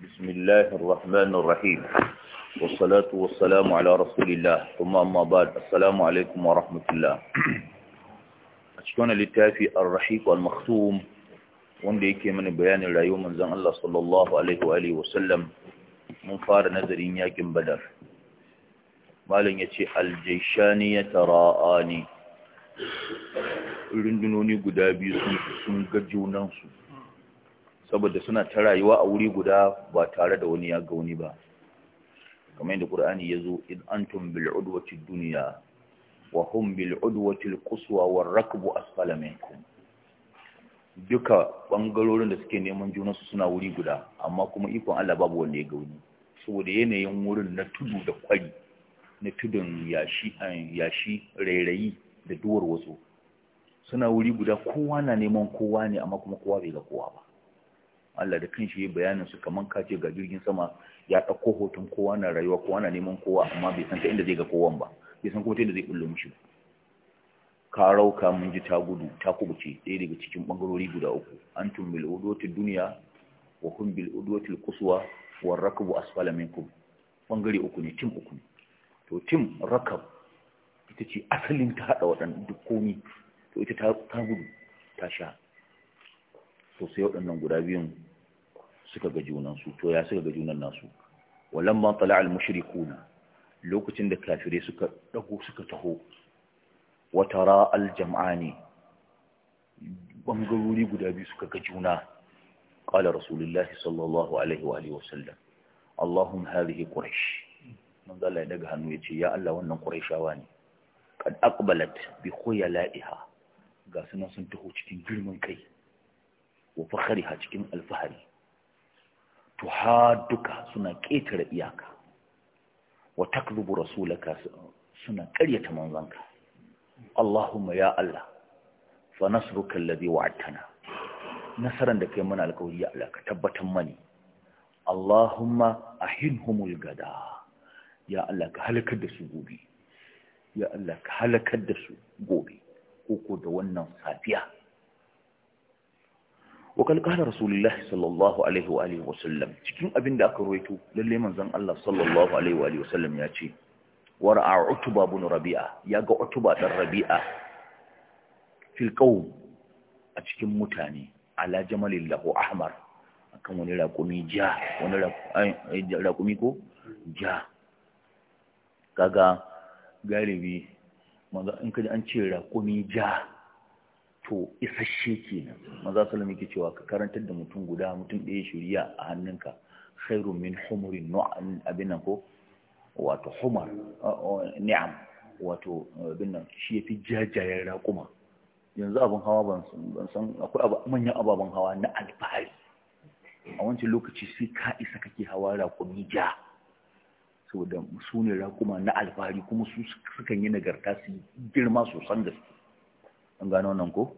بسم الله الرحمن الرحيم والصلاة والسلام على رسول الله ثم أما بعد السلام عليكم ورحمة الله أشكونا للتافي الرحيق والمختوم wanda yake mani bayanin rayuwar manzon Allah sallallahu alaihi wasallam mun fara nazarin yakin badar malam yace aljaishani ya tara'ani rundunoni guda biyu sun ga junan saboda suna ta rayuwa a wuri guda ba tare da wani ya ga wani ba kamar yadda qur'ani yazo in antum bil udwati dunya wa hum bil udwati al quswa wal rakbu asfala minkum duka bangarorin da suke neman juna su suna wuri guda amma kuma ikon Allah babu wanda ya ga wani saboda yanayin wurin na tudu da kwari na tudun yashi eh, yashi rairayi da duwar wasu suna wuri guda kowa na neman kowa ne amma kuma kowa bai ga kowa ba Allah da shi ya bayanin su kamar kace ga jirgin sama ya ɗauko hoton kowa na rayuwa kowa na neman kowa amma bai san ta inda zai ga kowan ba bai san ko ta inda zai bullo mishi ka rauka mun ji ta gudu ta kubuce ɗaya daga cikin ɓangarori guda uku antum bil udwati duniya wa hum bil udwati quswa wa rakabu asfala minkum ɓangare uku ne tim uku ne to tim rakab ita ce asalin ta haɗa waɗannan duk komi to ita ta gudu ta sha to sai waɗannan guda biyun suka ga junansu to ya suka ga junan nasu walamma tala al-mushrikuna lokacin da kafire suka dago suka taho wa tara al-jam'ani bangarori guda biyu suka ga juna qala rasulullahi sallallahu alaihi wa alihi wasallam allahum hadhihi quraish manzo Allah ya daga hannu yace ya Allah wannan quraishawa ne kad aqbalat bi khuyala'iha ga sunan sun taho cikin girman kai wa a cikin alfahari tuhaduka suna ƙetare iyaka wa takdubu rasulaka suna ƙaryata manzanka Allahumma ya Allah fa nasruka alladhi wa'adtana nasaran da kai mana alƙawari ya Allah ka tabbatar mani Allahumma ahinhumul gada ya Allah ka halakar da su gobe ya Allah ka halakar da su gobe ko ko da wannan safiya وقال قال رسول الله صلى الله عليه وآله وسلم cikin abin da aka ruwaito lalle manzon Allah sallallahu alaihi wa alihi wasallam ya ce wara'a utba ibn rabi'a ya ga utba dan rabi'a fil qawm a cikin mutane ala jamalin lahu ahmar akan wani raƙumi ja wani raƙumi eh, ko ja kaga galibi manzo in kaji an ce raƙumi ja to isasshe kenan maza sallam ke cewa ka karantar da mutum guda mutum ɗaya shirya a hannunka khairu min humurin nu'an abin ko wato humar ni'am wato abin nan shi yafi jajayen raƙuma yanzu abin hawa ban san akwai manyan ababen hawa na alfahari a wancan lokaci sai ka isa kake hawa raƙumi ja saboda su ne raƙuma na alfahari kuma su sukan yi nagarta su girma sosan gaske an gano wannan ko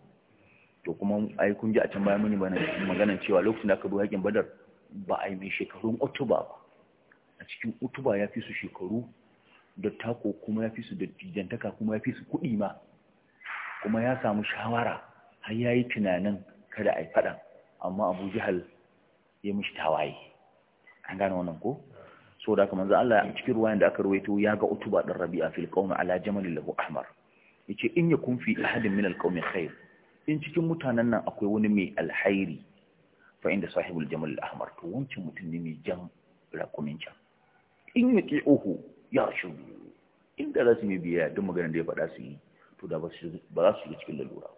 to kuma ai kun ji a can bayan muni maganan cewa lokacin da aka bi yakin badar ba a yi mai shekarun utuba ba a cikin utuba ya fi su shekaru da tako kuma ya fi su da jijantaka kuma ya fi su kuɗi ma kuma ya samu shawara har ya yi tunanin kada a yi faɗa, amma abu jihal ya mishi tawaye an gane wannan ko so da kamar za Allah a cikin ruwayan da aka ruwaito ya ga utuba ɗan rabi'a fil qawmi ala jamalil lahu ahmar yace in yakun fi ahadin min alqawmi khair in cikin mutanen nan akwai wani mai alhairi fa inda sahibul jamal alahmar to wancan mutum ne mai jan rakumin can in ya yarshudu inda za su yi biya duk maganar da ya faɗa su yi to da ba za su shiga cikin lalura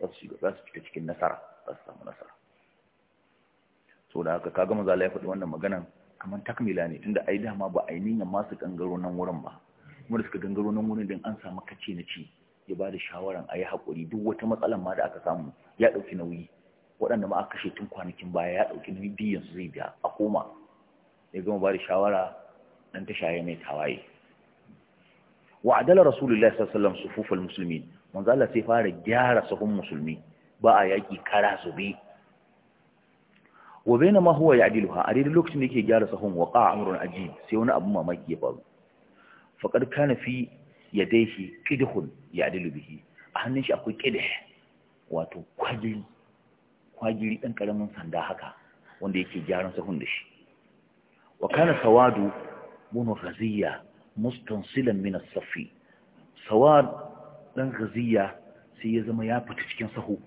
za su shiga cikin nasara za su samu nasara so da haka kaga maza ya faɗi wannan maganan kamar takmila ne tunda ai dama ba a ma su masu kangaro nan wurin ba kuma da suka gangaro nan wurin din an samu kace na ci ya ba da shawaran a yi haƙuri duk wata matsalan ma da aka samu ya ɗauki nauyi waɗanda ma aka kashe tun kwanakin baya ya dauki nauyi biyan su zai biya a koma ya gama ba da shawara dan ta shaye mai tawaye wa adala rasulullahi sallallahu alaihi wasallam sufufal muslimin manzo Allah sai fara gyara sahun musulmi ba a yaki kara su bi wa bainama huwa ya'diluha a daidai lokacin da yake gyara sahun waqa amrun ajib sai wani abu mamaki ya faru faƙar kana fi ya shi ƙidihun ya adilu a hannun shi akwai ƙidih wato kwagiri kwagiri ɗan ƙaramin sanda haka wanda yake gyaran sahun da shi wa kana sawadu bunu raziya mustansilan min safi sawad ɗan raziya sai ya zama ya fita cikin sahu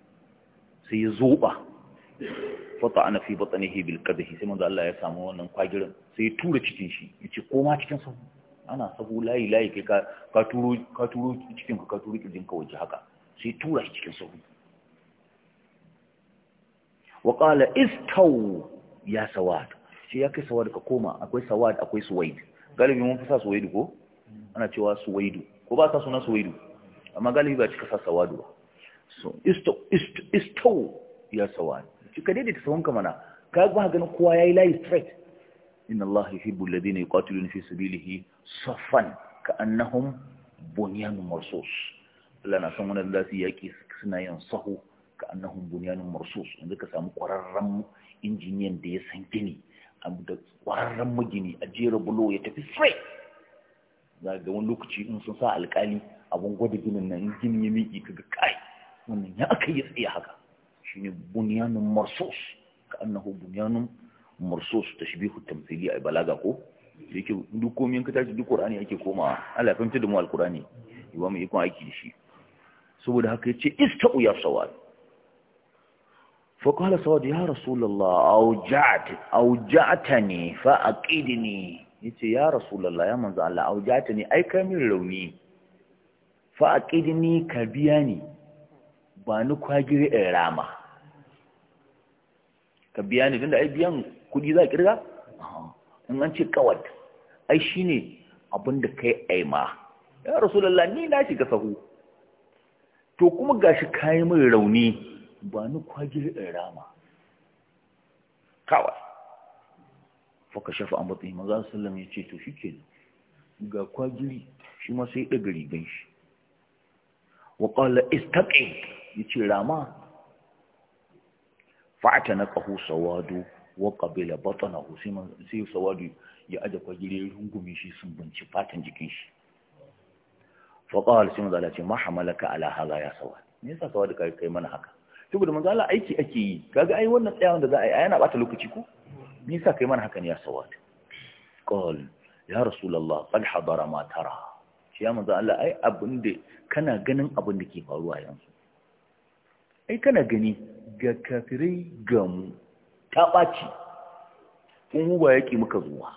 sai ya zoɓa. fata ana fi batsanihi bil qadhi sai manzo Allah ya samu wannan kwagirin sai ya tura cikin shi yace koma cikin sahu ana sabu layi layi kai ka turo ka turo cikin ka turo kirjin ka waje haka sai tura shi cikin sahu wa qala istaw ya sawad shi ya kai sawad ka koma akwai sawad akwai suwaid galibi mun fasa suwaidu ko ana cewa suwaidu ko ba sa suna suwaidu amma galibi ba cika sa sawadu ba so istaw istaw ya sawad cika daidaita sahun ka mana ka ba ganin kowa yayi layi straight inna Allah yuhibbu alladhina yuqatiluna fi sabilihi saffan ka'annahum bunyanun marsus Allah na san wannan da su yaki suna yin sahu ka'annahum bunyanun marsus inda ka samu kwararren injiniyan da ya san gini da kwararren magini a jera bulo ya tafi straight za ga wani lokaci in sun sa alkali abun gwada ginin nan ginin ya miƙe kaga kai wannan ya aka yi tsaye haka shine bunyanun marsus ka'annahu bunyanun mursus tashbihu tamthili a balaga ko yake duk komai ka tashi duk qur'ani ake komawa Allah fahimta da mu alqur'ani yawa mu yiko aiki da shi saboda haka yace istau ya sawad fa qala sawad ya rasulullah au ja'atani fa aqidni yace ya rasulullah ya manzo Allah ja'atani ai kai min rauni fa aqidni ka biya ni ba ni kwagire in rama ka biya ni tunda ai biyan kudi za a kirga in an ce kawad ai shine abin da kai aima ya rasulullah ni na shiga sahu to kuma gashi kayi min rauni ba ni kwagir in rama kawai faka shafa an matsayi maza sallam ya ce to shi ke ga kwagiri shi ma sai ɗaga rigan shi wa ƙwallo ya ce rama fa'ata na ƙahu sawado wa qabila batnahu sai man sawadu ya aje kwagire rungume shi sun bunci fatan jikin shi fa qala sai manzo Allah ce ma hamalaka ala ya sawa. me yasa sawadu kai kai mana haka saboda manzo Allah aiki ake yi kaga ai wannan tsayawan da za a yi yana bata lokaci ko me yasa kai mana haka ne ya sawad qala ya rasulullah qad hadara matara. tara ya manzo Allah ai abin da kana ganin abin da ke faruwa yanzu ai kana gani ga kafirai ga mu ta ɓaci in huba ya yaƙi muka zuwa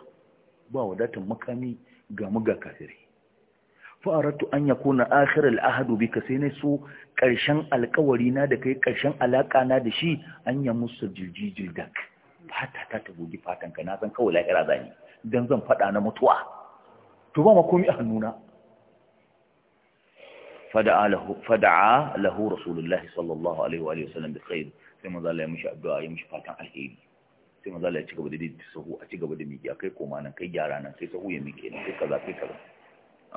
ba wadatar makami ga muga kafiri fa'aratu an ya na ahirar al'ahadu bi ka sai na so ƙarshen alkawari na da kai ƙarshen alaƙa na da shi an ya musu jirjijir da fata ta ta bugi fatan ka na san kawai la’ira zane don zan faɗa na mutuwa to ba makomi a hannuna fada'a lahu fada'a lahu rasulullahi sallallahu alaihi wa alihi wasallam sai manzo Allah ya mishi addu'a ya mishi fatan alheri sai manzo Allah ya ci gaba da didi sahu a ci gaba da miƙiya kai koma nan kai gyara nan sai sahu ya miƙe nan kai kaza kai kaza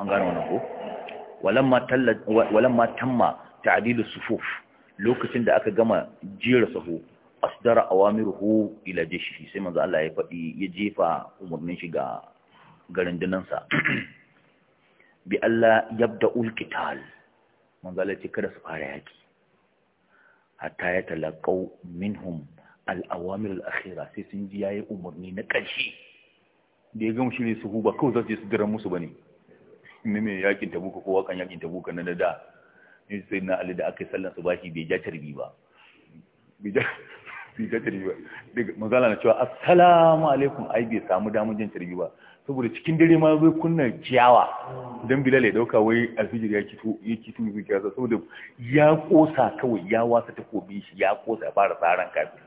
an gane wannan ko walamma talla tamma ta'dilu sufuf lokacin da aka gama jira sahu asdara awamiruhu ila jishihi sai maza Allah ya faɗi ya jefa umarnin shi ga garindinansa bi Allah yabda'ul qital ce kada su fara yaki hatta ya talaqaw minhum al-awamir al-akhira sai sun ji yayi umarni na ƙarshe da ya gamshi ne su huba kawai za su dira musu bane ne me yakin tabuka ko wakan yakin tabuka na da ne sai na Ali da aka yi sallan su bashi bai ja tarbi ba bai ja bai ja tarbi ba manzala na cewa assalamu alaikum ai bai samu damun jin tarbi ba saboda cikin dare ma zai kunna ciyawa don bilal ya dauka wai alfijir ya kito ya kito ya kiyasa saboda ya kosa kawai ya wasa takobi shi ya kosa ya fara tsaran kafin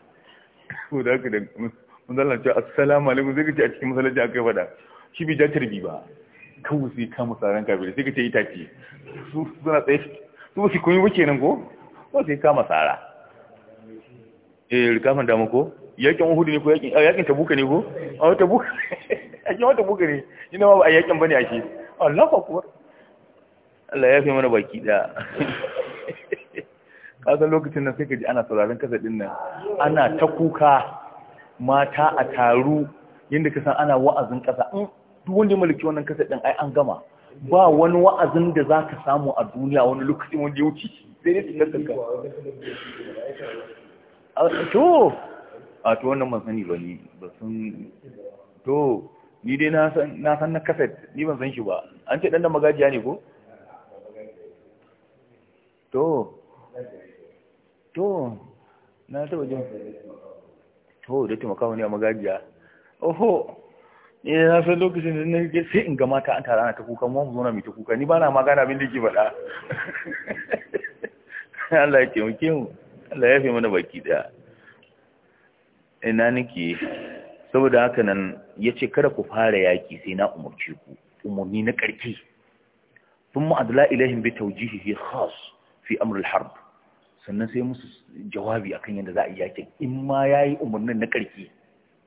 saboda haka da mun zalla ce assalamu alaikum zai kace a cikin masallaci yi fada shi bai ja tarbi ba kawai sai kama tsaran kafin sai kace itace su suna tsaye su su kun yi wuce nan ko ko sai kama tsara eh rikafan dama ko, yakin uhudu ne ko yakin tabuka ne ko a tabuka ake wata wata bugare ina ma ba a yakin bane ake Allah ko kuwa Allah ya fi mana baki da kasan lokacin nan sai ka ji ana sauraron kasa din nan ana ta kuka mata a taru yadda ka san ana wa'azin kasa duk wanda ya malaki wannan kasa din ai an gama ba wani wa'azin da za ka samu a duniya wani lokacin wanda ya wuce sai ne tunar kanka to a to wannan masani ba ne ba sun to ni dai na san na kaset ni ban san shi ba an ce dan da magajiya ne ko to to na taba jin to da makawa ne a magajiya oho ne na san lokacin da nake sai in ga mata an tara na ta kuka mu zo na mi ta kuka ni ba na magana abin da yake faɗa Allah ya taimake mu Allah ya fi mana baki da. ina nake saboda haka nan ya ce kada ku fara yaƙi sai na umarci ku umarni na ƙarfi sun ma'adala ilahin bi taujihi fi khas fi amrul harb sannan sai musu jawabi akan yadda za a yi yaƙin in ma ya yi umarnin na ƙarfi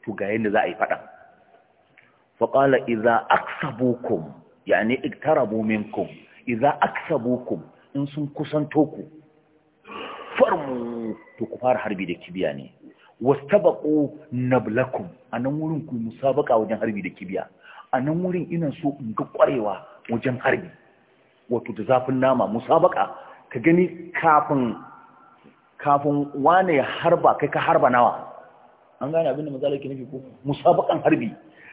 to ga yadda za a yi faɗa faƙala iza aksabukum ne iktarabu minkum iza aksabukum in sun kusanto ku farmu to ku fara harbi da kibiya ne wastabaqu nablakum anan wurin ku musabaka wajen harbi da kibiya anan wurin ina so in ga kwarewa wajen harbi wato da zafin nama musabaka ka gani kafin kafin wane harba kai ka harba nawa an gane abin da misali ke nufi ko musabakan harbi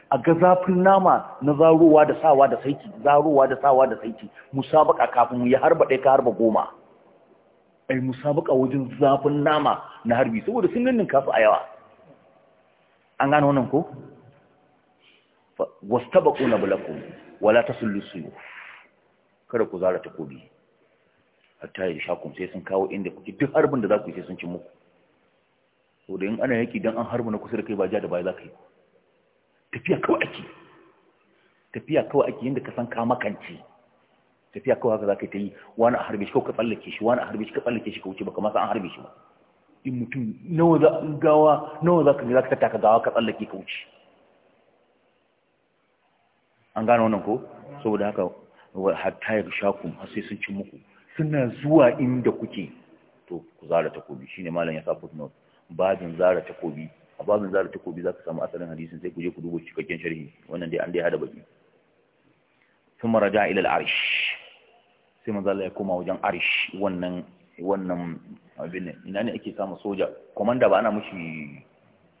a ga zafin nama na zaruwa da sawa da saiki, zaruwa da sawa da saiki, musabaka kafin ya harba ɗaya ka harba goma a yi musabuka wajen zafin nama na harbi saboda sun ganin kafa a yawa an gano wannan ko wasu taba na bulakun wala ta lusu kada ku zara takobi hatta da shakun sai sun kawo inda kuke duk harbin da za ku yi sai sun ci muku so da yin ana yaki don an harbi na kusa da kai ba ja da baya za ka yi tafiya kawai ake tafiya kawai ake yadda ka san ka tafiya kawai haka ka yi wani a harbe shi ko ka tsallake shi wani a harbe shi ka tsallake shi ka wuce baka masa an harbe shi ba in mutum nawa za gawa nawa za ka za ka gawa ka tsallake ka wuce an gano wannan ko saboda haka hatta ya ku har sai sun ci muku suna zuwa inda kuke to ku zara takobi shine malam ya sa footnote babin zara takobi a babin zara takobi za ka samu asalin hadisin sai ku je ku duba cikakken sharhi wannan dai an dai hada baki ثم رجع إلى العرش سيما ya يكون wajen عرش wannan wannan abin ina ne ake samu soja komanda ba ana mushi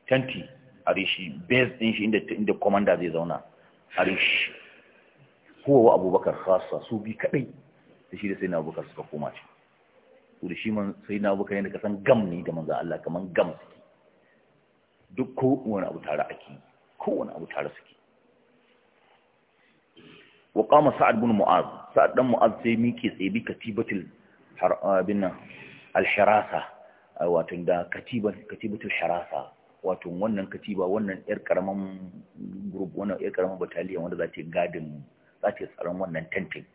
tanti arishi base din shi inda inda komanda zai zauna arishi huwa abubakar khassa su bi kadai da shi da sai na abubakar suka koma shi to da shi man sai na abubakar ne da kasan gam ne da manzo Allah kaman gam suke duk ko wani abu tare ake ko wani abu tare suke wa qama sa'ad bin mu'az sa'ad dan mu'az sai miƙe tsebi katibatul bin al-hirasa wato da katiban katibatul hirasa wato wannan katiba wannan yar karaman group wannan yar karaman battalion wanda za ta gadin za ta tsaron wannan tentin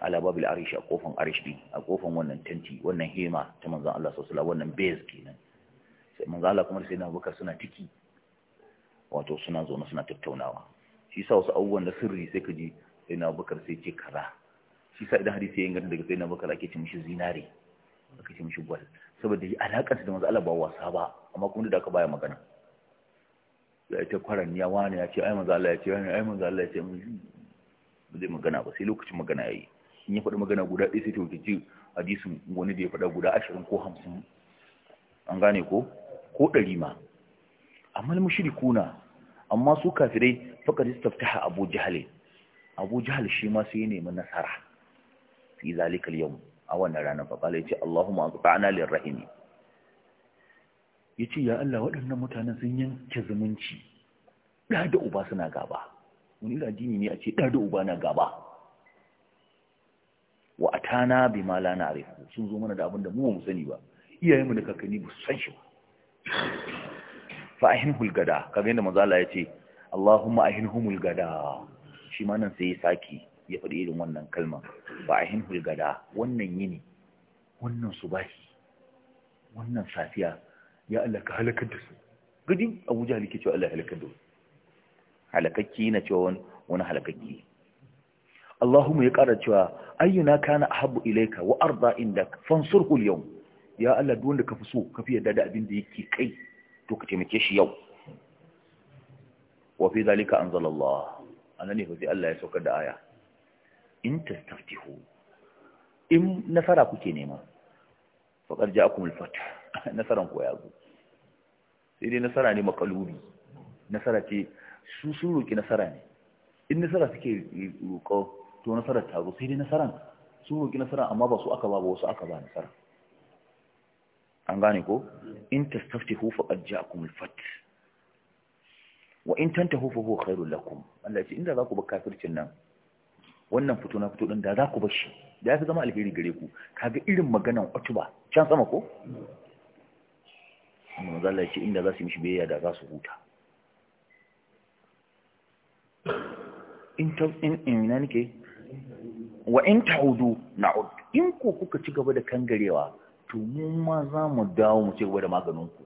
ala babil arish a kofan arish din a kofan wannan tenti wannan hema ta manzon Allah sallallahu alaihi wasallam wannan base kenan sai manzon Allah kuma sai na buka suna tiki wato suna zo suna tattaunawa shi sa wasu abubuwan na sirri sai ka ji sai na bakar sai ce kaza shi sa idan hadisi ya inganta daga sai na bakar ake ce mishi zinare ake ce mishi gwal saboda yi alaƙar da manzo Allah ba wasa ba amma kuma da aka baya magana ya ta kwaran ya wani ya ce ai manzo Allah ya ce ai manzo Allah ya ce ba zai magana ba sai lokacin magana yayi in ya faɗi magana guda ɗaya sai ta wuce hadisin wani da ya faɗa guda ashirin ko hamsin an gane ko ko ɗari ma amma mushrikuna amma su kafirai faqad istaftaha abu jahl abu jahl shi ma sai ya nemi nasara fi zalikal yawm a wannan ranar fa ya yace Allahumma aqta'na lirrahim yace ya Allah waɗannan mutanen sun yanke zumunci da da uba suna gaba wani dini ne a ce da da uba na gaba wa atana bima la na'rif sun zo mana da abin da mu ba mu sani ba mu da kakanni ba su san shi ba fa ahinhul gada kaga yadda manzo Allah ya ce Allahumma ahinhumul gada shi ma nan sai ya saki ya faɗi irin wannan kalma ba ahinhul gada wannan yini wannan subahi wannan safiya ya Allah ka halakar da su gadi Abu Jahl ke cewa Allah halakar da su halakakki na cewa wani halakakki Allahumma ya ƙara cewa ayyuna kana ahabbu ilayka wa arda indak fansurhu al-yawm ya Allah duk wanda ka fi so ka fi yarda da abin da yake kai to ka taimake shi yau wa fi zalika a nan fa sai Allah ya saukar da aya in tastaftihu in nasara kuke nema faƙar ja akwai mulfata nasaran ko zo sai dai nasara ne makalubi nasara ce su sun roƙi nasara ne in nasara suke roƙo to nasarar ta zo sai dai nasaran sun roƙi nasara amma ba su aka ba ba wasu aka ba nasara an gane ko in tastaftihu faƙar ja akwai mulfata wa in tantahu fa huwa khairul lakum Allah ce inda za ku bar kafircin nan wannan fito na fito din da za ku bar shi da yafi zama alheri gare ku kaga irin maganan utuba can sama ko amma zalla Allah ce inda za su mishi biyayya da za su huta in ta in ina nake wa in ta'udu na'ud in ku kuka ci gaba da kangarewa to mu ma za mu dawo mu ci gaba da maganin ku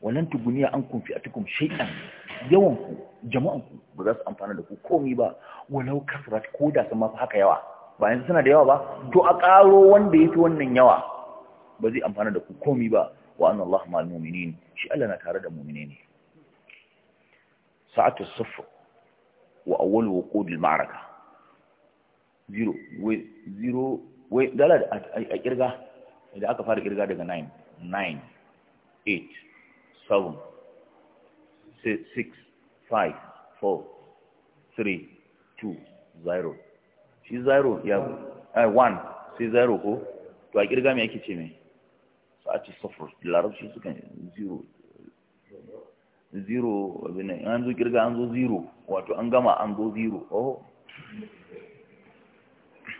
wannan tuguniya an kun fi tukun shaidan yawan ku jama'an ku ba za su amfana da ku komi ba walau kasrat ko da kuma haka yawa ba yanzu suna da yawa ba to a karo wanda fi wannan yawa ba zai amfana da ku komi ba wa anna Allah ma'al mu'minin shi Allah na tare da mu'mine ne sa'atu safr wa awwal wuqud al-ma'raka zero wai zero we dala a kirga idan aka fara kirga daga 9 9 8 seven, six, five, four, three, two, zero. Shi zero ya uh, one sai zero ko? To a kirga mai ake ce mai? a ce suffer, shi suka zero. Zero, abinan, an zo kirga an zo zero, wato an gama an zo zero. Oh,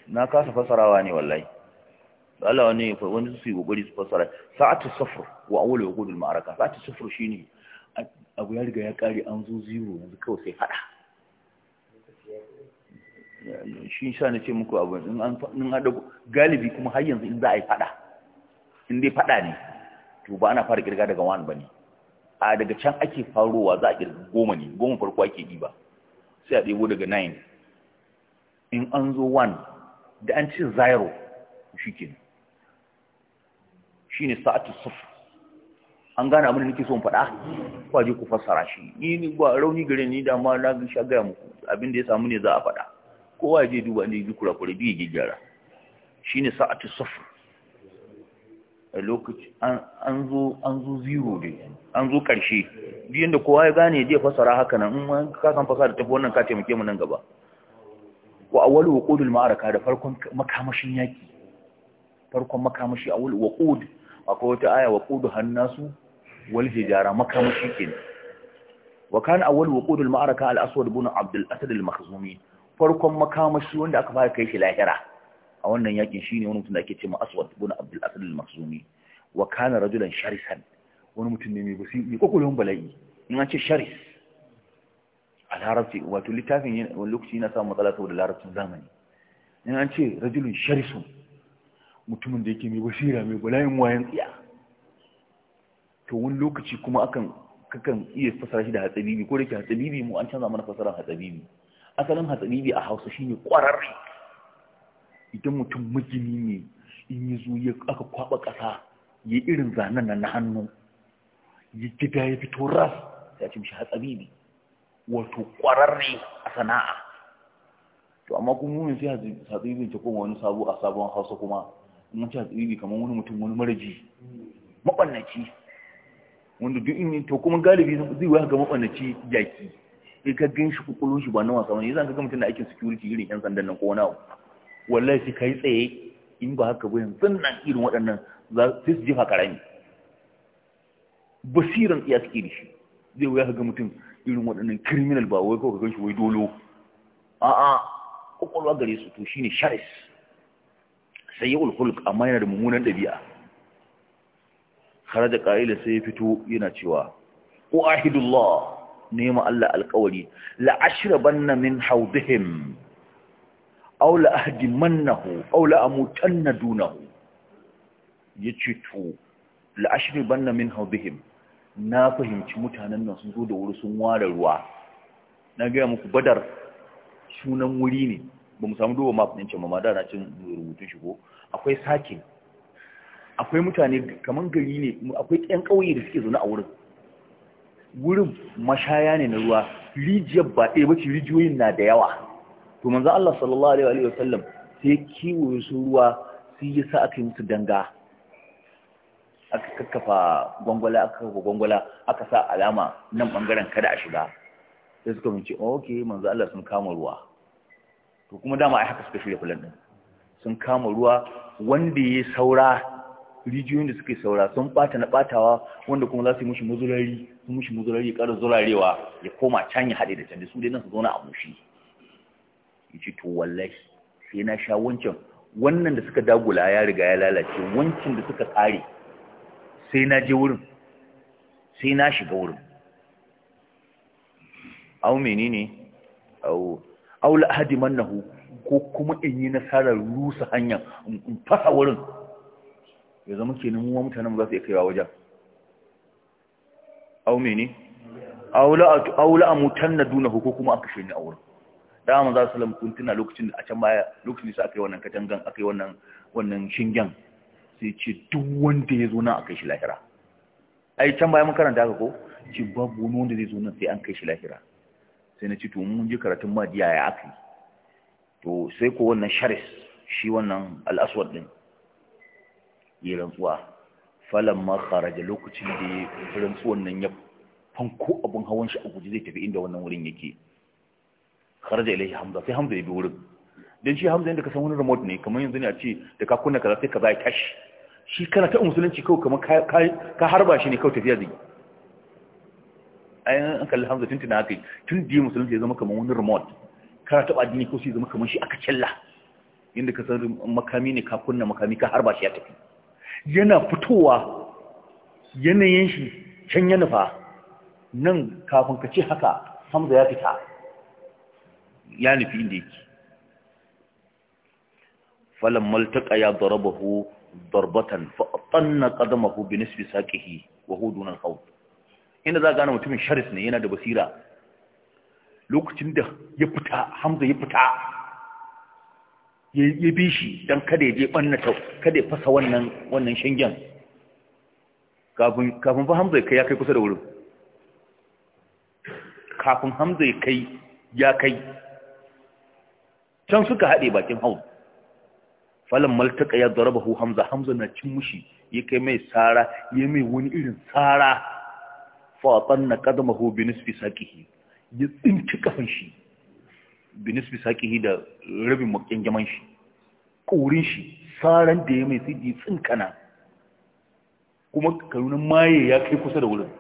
na kasa fasarawa ne wallahi. Allah wani wani su yi gogori su fasara. Sa'atu suffer. wa awwal uqudul ma'araka za ta sufur shine abu ya riga ya kare an zo zero yanzu kawai sai fada shi sa na ce muku abu in an haɗa galibi kuma har yanzu in za a yi faɗa in dai faɗa ne to ba ana fara kirga daga wani ba ne a daga can ake farowa za a kirga goma ne goma farko ake ɗiba sai a ɗebo daga 9 in an zo 1 da an ce zero shi ke shi ne sa'atu sufur an gane abin da nake so in faɗa kwa je ku fassara shi ni ni ba rauni gare ni da ma na sha gaya mu abin da ya samu ne za a faɗa kowa je duba ne ji kura duk ya gyara shine sa'atu safr a lokaci an zo an zo zero dai an zo karshe Biyan da kowa ya gane zai fassara haka nan in ka san fassara tafi wannan ka taimake mu nan gaba wa awwal wuqudul ma'araka da farkon makamashin yaki farkon makamashi awwal wuqud akwai wata aya waqudu hannasu wal hijara makamashi kenan wa kana awwal wuqudul ma'araka al-aswad ibn abd al-asad al-makhzumi farkon makamashi wanda aka fara kai shi lahira a wannan yakin shine wani mutum da ake cewa aswad ibn abd al-asad al-makhzumi wa kana rajulan sharisan wani mutum ne mai basiri mai kokolon bala'i in an ce sharis a larabci wato littafin wani lokaci yana samun matsala saboda larabcin zamani in an ce rajulun sharisun mutumin da yake mai basira mai bala'in wayan tsiya to wani lokaci kuma akan kakan iya fasara shi da hatsabibi ko da ke hatsabibi mu an canza mana fasara hatsabibi asalin hatsabibi a hausa shine kwararri idan mutum magini ne in yi zo ya aka kwaba kasa ya irin zanen nan na hannu ya gida ya fito ras ya ce mishi hatsabibi wato kwararri a sana'a to amma kuma mun sai hatsabibin ta koma wani sabo a sabon hausa kuma in ce hatsabibi kamar wani mutum wani maraji maɓannaci wanda duk in to kuma galibi zai wuya ga mabanaci jaki sai ka gan shi kukulun shi ba na wasa wani zan ga mutum da aikin security irin yan sandan nan ko wani abu wallahi sai kai tsaye in ba haka ba yanzu nan irin waɗannan za su jefa karami basiran iya suke da shi zai wuya ga mutum irin waɗannan criminal ba wai kawai gan shi wai dolo a'a kwakwalwa gare su to shine sharis sai ya ulhulk amma yana da mummunan ɗabi'a kharaja qa'ila sai ya fito yana cewa uahidullah nema Allah alqawli la ashrabanna min hawdihim aw la ahdimannahu aw la amutanna dunahu yace to la ashrabanna min hawdihim na fahimci mutanen nan sun zo da wuri sun ware ruwa na ga muku badar sunan wuri ne ba mu samu duba map ɗin can ma da na cin rubutun shi ko akwai sakin akwai mutane kamar gari ne akwai ƴan ƙauye da suke zaune a wurin wurin mashaya ne na ruwa rijiyar ba ɗaya bace rijiyoyin na da yawa to manzo Allah sallallahu alaihi wa sallam sai kiwo su ruwa sai ya sa aka yi musu danga aka kakkafa gwangwala aka kakkafa gwangwala aka sa alama nan bangaren kada a shiga sai suka mince okay manzo Allah sun kama ruwa to kuma dama ai haka suka shirya fulan din sun kama ruwa wanda ya saura rijiyoyin da suke saura sun bata na batawa wanda kuma za su yi mushi muzulari su mushi muzulari ya ƙara zurarewa ya koma can ya haɗe da can da su dai nan su zauna a mushi ya ce to wallahi sai na sha wancan wannan da suka dagula ya riga ya lalace wancan da suka ƙare sai na je wurin sai na shiga wurin au menene au au la hadimannahu ko kuma in yi nasarar rusa hanyar in fasa wurin ya zama kenan wa mutanen za su iya kaiwa wajen au ne aula a mutan na duna ko kuma an kashe ni a wurin dama za su lam kuntuna lokacin da a can baya lokacin da aka yi wannan katangan aka yi wannan wannan shingen sai ce duk wanda ya zo nan a kai shi lahira ai can baya mun karanta haka ko ce babu wani wanda zai zo nan sai an kai shi lahira sai na ci to mun ji karatun madiya ya aka yi to sai ko wannan sharis shi wannan al'aswad din yi rantsuwa ma kharaja lokacin da ya rantsuwan nan ya fanko abun hawan shi a guji zai tafi inda wannan wurin yake kharaja ilai hamza sai hamza ya bi wurin dan shi hamza inda ka san wani remote ne kamar yanzu ne a ce da ka kunna kaza sai kaza ya tashi shi kana ta musulunci kawai kamar ka harba shi ne kawai tafiya zai ayan an kalli hamza tuntuna haka tun da musulunci ya zama kamar wani remote kana taɓa addini ko sai zama kamar shi aka cella inda ka san makami ne ka kunna makami ka harba shi ya tafi yana fitowa yanayin shi can ya nufa nan kafin ka ce haka hamza ya fita ya nufi inda yake falon maltaka ya zarbatan darbatan fa'atanna hu bi nisfi saƙihi wa hudun al inda za gane mutumin sharif ne yana da basira lokacin da ya fita hamza ya fita ya bi shi don kada ya je ɓannata kada ya fasa wannan wannan shingen kafin fa hamza ya kai ya kai kusa da wuri. kafin hamza ya kai ya kai can suka haɗe bakin hau falon maltaka ya zaraba hu hamza hamza na cin mushi ya kai mai tsara ya mai wani irin tsara Fa na kadama hu fi nisfi sakihi ya tsinci kafin shi binisbi sakihi da rabin jaman shi ƙorin shi tsaron da ya mai sidi tsinkana kuma karunan maye ya kai kusa da wurin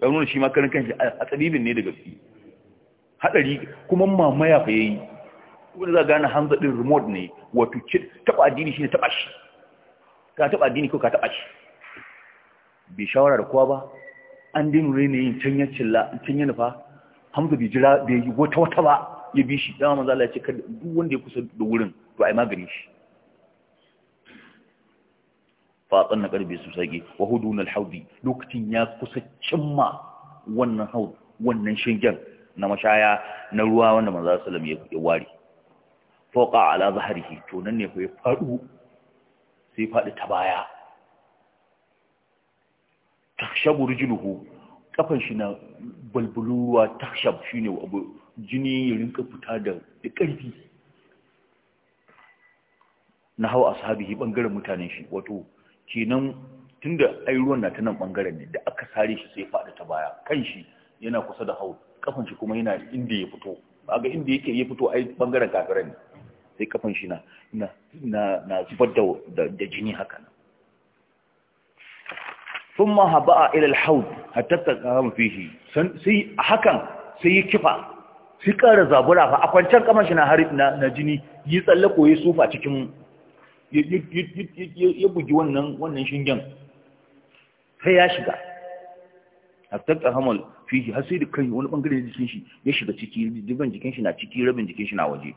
karunan shi makarin kanshi a tsabibin ne da gaske haɗari kuma mamaya fa yayi wanda za gane hanzu ɗin remote ne wato taɓa addini shi ne taɓa shi ka taɓa addini ko ka taɓa shi bai shawara da kowa ba an dinure ne yin canyar nufa hamza bai jira bai yi wata wata ba ya bi shi dama manzo Allah ya ce kada duk wanda ya kusa da wurin to ai magani shi fa na karbe su sage wa hudun al-hawdi lokacin ya kusa cimma wannan haud wannan shingen na mashaya na ruwa wanda manzo Sallam ya ya ware fawqa ala zahrihi to nan ne kai fadu sai faɗi ta baya ta shabu rijluhu kafan shi na Balbaluwa ta shab shi ne abu jini ya rinka fita da ƙarfi na hau a ashabihi ɓangaren mutanen shi wato kenan tunda ai ruwan na ta nan ɓangaren ne da aka sare shi sai faɗi ta baya kan shi yana kusa da hau ƙafan shi kuma yana inda ya fito Ba ga inda yake ya fito ai ɓangaren kafiran ne sai ƙafan shi na na zubar da jini haka nan ثم هبأ إلى الحوض حتى تقام فيه sai hakan sai ya kifa sai ƙara zabura fa a kwancan kamar shi na na jini yi ko ya sufa cikin ya bugi wannan shingen sai ya shiga hatta hamal fihi har sai da kai wani bangare jikin shi ya shiga ciki dubban jikin shi na ciki rabin jikin shi na waje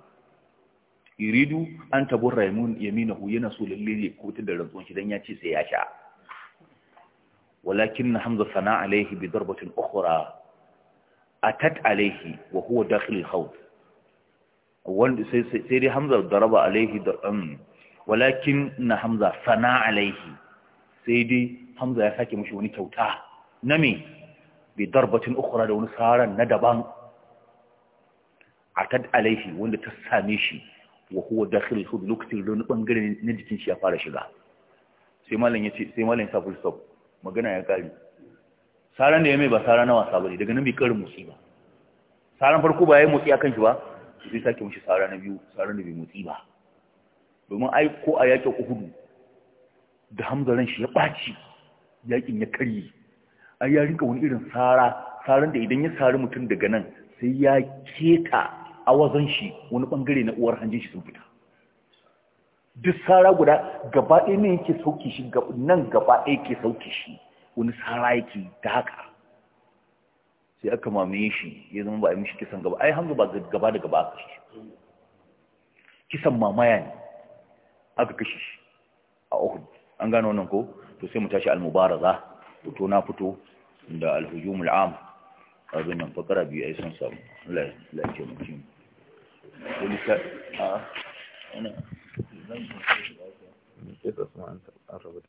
iridu an tabo raimun yaminahu yana so lalle ko ta da rantsuwan shi dan ya ce sai ya sha ولكن حمزة ثنى عليه بضربة أخرى أتت عليه وهو داخل الخوض سيري حمزة ضرب عليه در... ولكن حمزة ثنى عليه سيدي حمزة يا ساكي مش وني توتا نمي بضربة أخرى لو نصارى ندبان أتت عليه وند تساميشي وهو داخل الخوض لوكتي لون بنجري نجتين شيا فارشلا سيمالين يتي سيمالين سابول سابول magana ya kare saran da ya mai ba sara na wasa ba ne daga nan bai karin motsi ba saran farko ba ya yi motsi a kan shi ba zai sake mashi sara na biyu saran da bai motsi ba domin ai ko a yakin uhudu da hamza shi ya ɓaci yakin ya karye ai ya rinka wani irin sara saran da idan ya sari mutum daga nan sai ya keta a wazon shi wani ɓangare na uwar hanjin shi sun fita duk sara guda gaba ɗaya ne yake sauke shi nan gaba ɗaya yake sauke shi wani sara yake ta haka sai aka mamaye shi ya zama ba a yi mishi kisan gaba ai hanzu ba gaba da gaba aka shi kisan mamaya ne aka kashe shi a uhud an gano nan ko to sai mu tashi almubaraza fito na fito da alhujumul am abin nan fakara biyu ai san samu lafiya mutum wani ta a لم تكن تقرب